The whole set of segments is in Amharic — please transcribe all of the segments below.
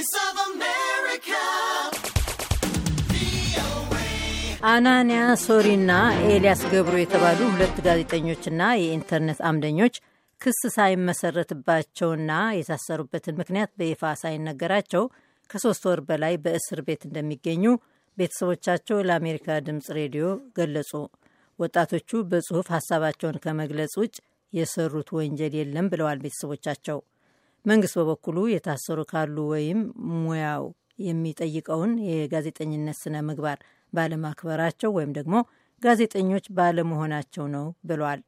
Voice of America. አናንያ ሶሪና ኤልያስ ገብሩ የተባሉ ሁለት ጋዜጠኞችና የኢንተርኔት አምደኞች ክስ ሳይመሰረትባቸውና የታሰሩበትን ምክንያት በይፋ ሳይነገራቸው ከሶስት ወር በላይ በእስር ቤት እንደሚገኙ ቤተሰቦቻቸው ለአሜሪካ ድምፅ ሬዲዮ ገለጹ። ወጣቶቹ በጽሑፍ ሀሳባቸውን ከመግለጽ ውጭ የሰሩት ወንጀል የለም ብለዋል ቤተሰቦቻቸው። መንግስት በበኩሉ የታሰሩ ካሉ ወይም ሙያው የሚጠይቀውን የጋዜጠኝነት ስነ ምግባር ባለማክበራቸው ወይም ደግሞ ጋዜጠኞች ባለመሆናቸው ነው ብሏል።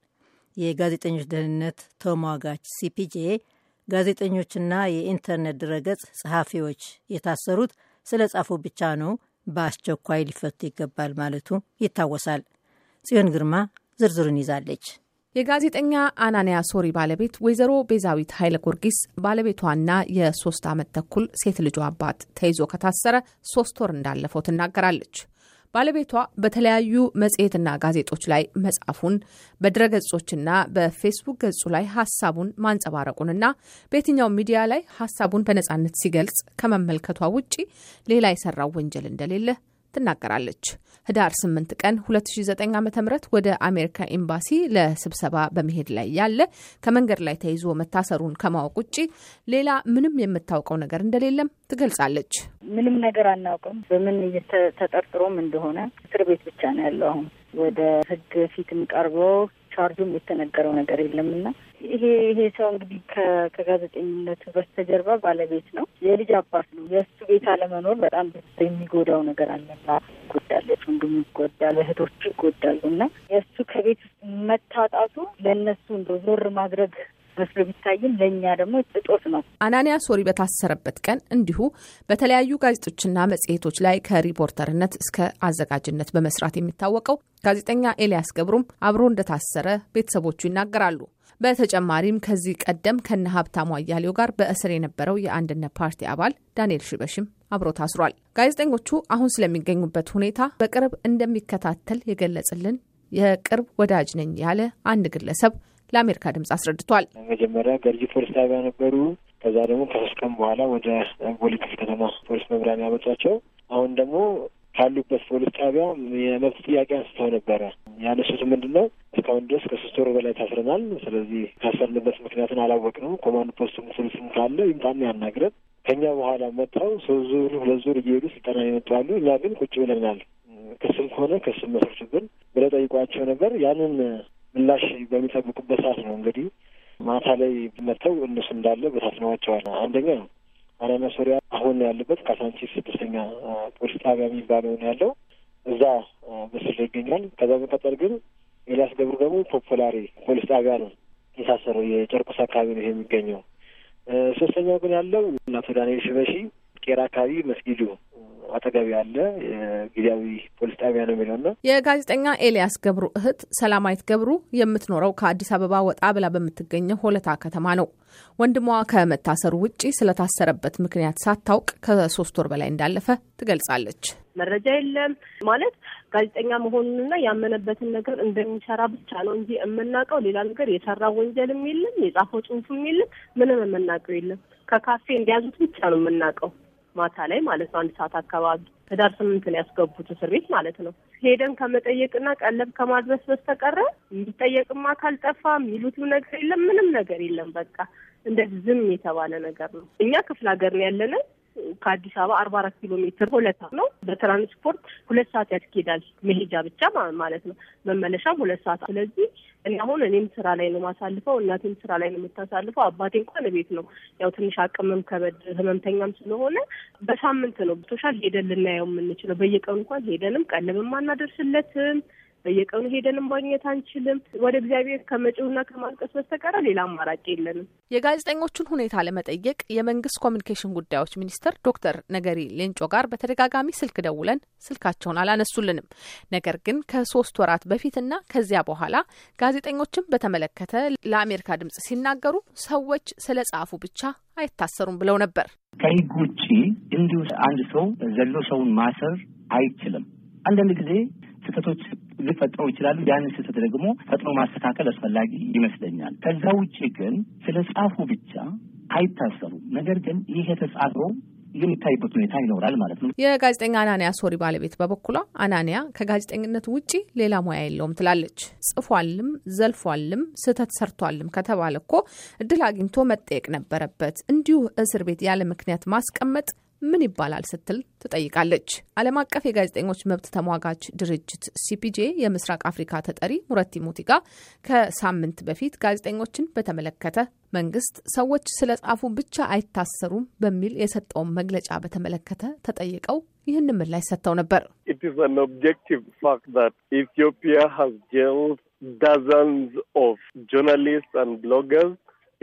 የጋዜጠኞች ደህንነት ተሟጋች ሲፒጄ ጋዜጠኞችና የኢንተርኔት ድረገጽ ጸሐፊዎች የታሰሩት ስለ ጻፉ ብቻ ነው፣ በአስቸኳይ ሊፈቱ ይገባል ማለቱ ይታወሳል። ጽዮን ግርማ ዝርዝሩን ይዛለች። የጋዜጠኛ አናንያ ሶሪ ባለቤት ወይዘሮ ቤዛዊት ኃይለ ጊዮርጊስ ባለቤቷና የሶስት ዓመት ተኩል ሴት ልጇ አባት ተይዞ ከታሰረ ሶስት ወር እንዳለፈው ትናገራለች። ባለቤቷ በተለያዩ መጽሔትና ጋዜጦች ላይ መጻፉን ገጾችና በፌስቡክ ገጹ ላይ ሀሳቡን ማንጸባረቁንና በየትኛው ሚዲያ ላይ ሀሳቡን በነጻነት ሲገልጽ ከመመልከቷ ውጪ ሌላ የሰራው ወንጀል እንደሌለ ትናገራለች። ህዳር 8 ቀን 2009 ዓ ም ወደ አሜሪካ ኤምባሲ ለስብሰባ በመሄድ ላይ ያለ ከመንገድ ላይ ተይዞ መታሰሩን ከማወቅ ውጭ ሌላ ምንም የምታውቀው ነገር እንደሌለም ትገልጻለች። ምንም ነገር አናውቅም። በምን ተጠርጥሮም እንደሆነ እስር ቤት ብቻ ነው ያለው። አሁን ወደ ህግ ፊትም ቀርበው ቻርጁም የተነገረው ነገር የለም እና ይሄ ይሄ ሰው እንግዲህ ከጋዜጠኝነቱ በስተጀርባ ባለቤት ነው፣ የልጅ አባት ነው። የእሱ ቤት አለመኖር በጣም የሚጎዳው ነገር አለና ይጎዳለች፣ ወንድሙ ይጎዳል፣ እህቶቹ ይጎዳሉ እና የእሱ ከቤት ውስጥ መታጣቱ ለእነሱ እንደ ዞር ማድረግ መስሎ ቢታይም ለእኛ ደግሞ እጦት ነው። አናንያ ሶሪ በታሰረበት ቀን እንዲሁ በተለያዩ ጋዜጦችና መጽሔቶች ላይ ከሪፖርተርነት እስከ አዘጋጅነት በመስራት የሚታወቀው ጋዜጠኛ ኤልያስ ገብሩም አብሮ እንደታሰረ ቤተሰቦቹ ይናገራሉ። በተጨማሪም ከዚህ ቀደም ከነ ሀብታሙ አያሌው ጋር በእስር የነበረው የአንድነት ፓርቲ አባል ዳንኤል ሽበሽም አብሮ ታስሯል። ጋዜጠኞቹ አሁን ስለሚገኙበት ሁኔታ በቅርብ እንደሚከታተል የገለጽልን የቅርብ ወዳጅ ነኝ ያለ አንድ ግለሰብ ለአሜሪካ ድምጽ አስረድቷል። መጀመሪያ ገርጂ ፖሊስ ጣቢያ ነበሩ። ከዛ ደግሞ ከሶስት ቀን በኋላ ወደ ቦሌ ክፍለ ከተማ ፖሊስ መምሪያ ያመጧቸው። አሁን ደግሞ ካሉበት ፖሊስ ጣቢያ የመብት ጥያቄ አንስተው ነበረ። ያነሱት ምንድን ነው? እስካሁን ድረስ ከሶስት ወር በላይ ታስረናል። ስለዚህ ታሰርንበት ምክንያቱን አላወቅንም። ኮማንድ ፖስቱም ፖሊስም ካለ ይምጣና ያናግረን። ከኛ በኋላ መጥተው ሶስት ዙር ሁለት ዙር እየሄዱ ስልጠና ይመጣሉ። እኛ ግን ቁጭ ብለናል። ክስም ከሆነ ክስም መስርቱብን ብለው ጠይቋቸው ነበር። ያንን ምላሽ በሚጠብቁበት ሰዓት ነው እንግዲህ ማታ ላይ መጥተው እነሱ እንዳለ በታትነዋቸዋል። አንደኛ አናና ሶሪያ አሁን ነው ያለበት ካሳንቺስ ስድስተኛ ፖሊስ ጣቢያ የሚባለው ነው ያለው። እዛ ምስል ላይ ይገኛል። ከዛ በመቀጠል ግን ኤልያስ ገብሩ ደግሞ ፖፑላሪ ፖሊስ ጣቢያ ነው የታሰረው። የጨርቆስ አካባቢ ነው ይሄ የሚገኘው። ሶስተኛው ግን ያለው እናቶ ዳንኤል ሽበሺ ቄራ አካባቢ መስጊዱ አጠገብ ያለ ጊዜያዊ ፖሊስ ጣቢያ ነው የሚለው ነው። የጋዜጠኛ ኤልያስ ገብሩ እህት ሰላማዊት ገብሩ የምትኖረው ከአዲስ አበባ ወጣ ብላ በምትገኘው ሆለታ ከተማ ነው። ወንድሟ ከመታሰሩ ውጪ ስለታሰረበት ምክንያት ሳታውቅ ከሶስት ወር በላይ እንዳለፈ ትገልጻለች። መረጃ የለም ማለት ጋዜጠኛ መሆኑንና ያመነበትን ነገር እንደሚሰራ ብቻ ነው እንጂ የምናውቀው ሌላ ነገር የሰራ ወንጀልም የለም፣ የጻፈው ጽሁፍም የለም፣ ምንም የምናውቀው የለም። ከካፌ እንዲያዙት ብቻ ነው የምናውቀው። ማታ ላይ ማለት ነው። አንድ ሰዓት አካባቢ ህዳር ላይ ያስገቡት እስር ቤት ማለት ነው። ሄደን ከመጠየቅና ቀለብ ከማድረስ በስተቀረ የሚጠየቅም አካል ጠፋ፣ የሚሉትም ነገር የለም፣ ምንም ነገር የለም። በቃ እንደዚህ ዝም የተባለ ነገር ነው። እኛ ክፍለ ሀገር ነው ያለንን ከአዲስ አበባ አርባ አራት ኪሎ ሜትር ሆለታ ነው። በትራንስፖርት ሁለት ሰዓት ያስኬዳል መሄጃ ብቻ ማለት ነው። መመለሻም ሁለት ሰዓት። ስለዚህ እኔ አሁን እኔም ስራ ላይ ነው ማሳልፈው፣ እናቴም ስራ ላይ ነው የምታሳልፈው። አባቴ እንኳን ቤት ነው ያው ትንሽ አቅምም ከበድ ህመምተኛም ስለሆነ በሳምንት ነው ብቶሻል ሄደን ልናየው የምንችለው። በየቀኑ እንኳን ሄደንም ቀለብም አናደርስለትም በየቀኑ ሄደንም ማግኘት አንችልም። ወደ እግዚአብሔር ከመጪውና ከማልቀስ በስተቀረ ሌላ አማራጭ የለንም። የጋዜጠኞቹን ሁኔታ ለመጠየቅ የመንግስት ኮሚኒኬሽን ጉዳዮች ሚኒስትር ዶክተር ነገሪ ሌንጮ ጋር በተደጋጋሚ ስልክ ደውለን ስልካቸውን አላነሱልንም። ነገር ግን ከሶስት ወራት በፊትና ከዚያ በኋላ ጋዜጠኞችን በተመለከተ ለአሜሪካ ድምጽ ሲናገሩ ሰዎች ስለ ጻፉ ብቻ አይታሰሩም ብለው ነበር። ከህግ ውጭ እንዲሁ አንድ ሰው ዘሎ ሰውን ማሰር አይችልም። አንዳንድ ጊዜ ስህተቶች ሊፈጠሩ ይችላሉ። ያንን ስህተት ደግሞ ፈጥኖ ማስተካከል አስፈላጊ ይመስለኛል። ከዛ ውጭ ግን ስለ ጻፉ ብቻ አይታሰሩም። ነገር ግን ይህ የተጻፈው የሚታይበት ሁኔታ ይኖራል ማለት ነው። የጋዜጠኛ አናንያ ሶሪ ባለቤት በበኩሏ አናንያ ከጋዜጠኝነት ውጪ ሌላ ሙያ የለውም ትላለች። ጽፏልም፣ ዘልፏልም፣ ስህተት ሰርቷልም ከተባለ እኮ እድል አግኝቶ መጠየቅ ነበረበት። እንዲሁ እስር ቤት ያለ ምክንያት ማስቀመጥ ምን ይባላል ስትል ትጠይቃለች። ዓለም አቀፍ የጋዜጠኞች መብት ተሟጋች ድርጅት ሲፒጄ የምስራቅ አፍሪካ ተጠሪ ሙረቲ ሙቲጋ ከሳምንት በፊት ጋዜጠኞችን በተመለከተ መንግስት ሰዎች ስለ ጻፉ ብቻ አይታሰሩም በሚል የሰጠውን መግለጫ በተመለከተ ተጠይቀው ይህንን ምላሽ ሰጥተው ነበር። ኢትዮጵያ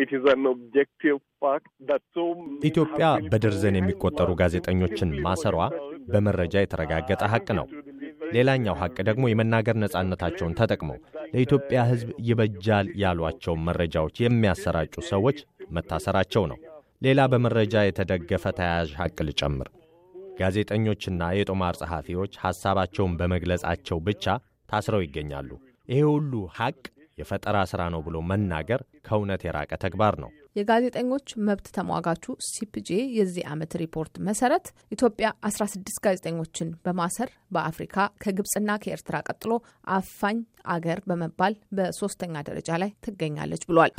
ኢትዮጵያ በደርዘን የሚቆጠሩ ጋዜጠኞችን ማሰሯ በመረጃ የተረጋገጠ ሐቅ ነው። ሌላኛው ሐቅ ደግሞ የመናገር ነጻነታቸውን ተጠቅመው ለኢትዮጵያ ሕዝብ ይበጃል ያሏቸውን መረጃዎች የሚያሰራጩ ሰዎች መታሰራቸው ነው። ሌላ በመረጃ የተደገፈ ተያያዥ ሐቅ ልጨምር። ጋዜጠኞችና የጦማር ጸሐፊዎች ሐሳባቸውን በመግለጻቸው ብቻ ታስረው ይገኛሉ። ይሄ ሁሉ ሐቅ የፈጠራ ስራ ነው ብሎ መናገር ከእውነት የራቀ ተግባር ነው። የጋዜጠኞች መብት ተሟጋቹ ሲፒጄ የዚህ ዓመት ሪፖርት መሰረት ኢትዮጵያ 16 ጋዜጠኞችን በማሰር በአፍሪካ ከግብፅና ከኤርትራ ቀጥሎ አፋኝ አገር በመባል በሶስተኛ ደረጃ ላይ ትገኛለች ብሏል።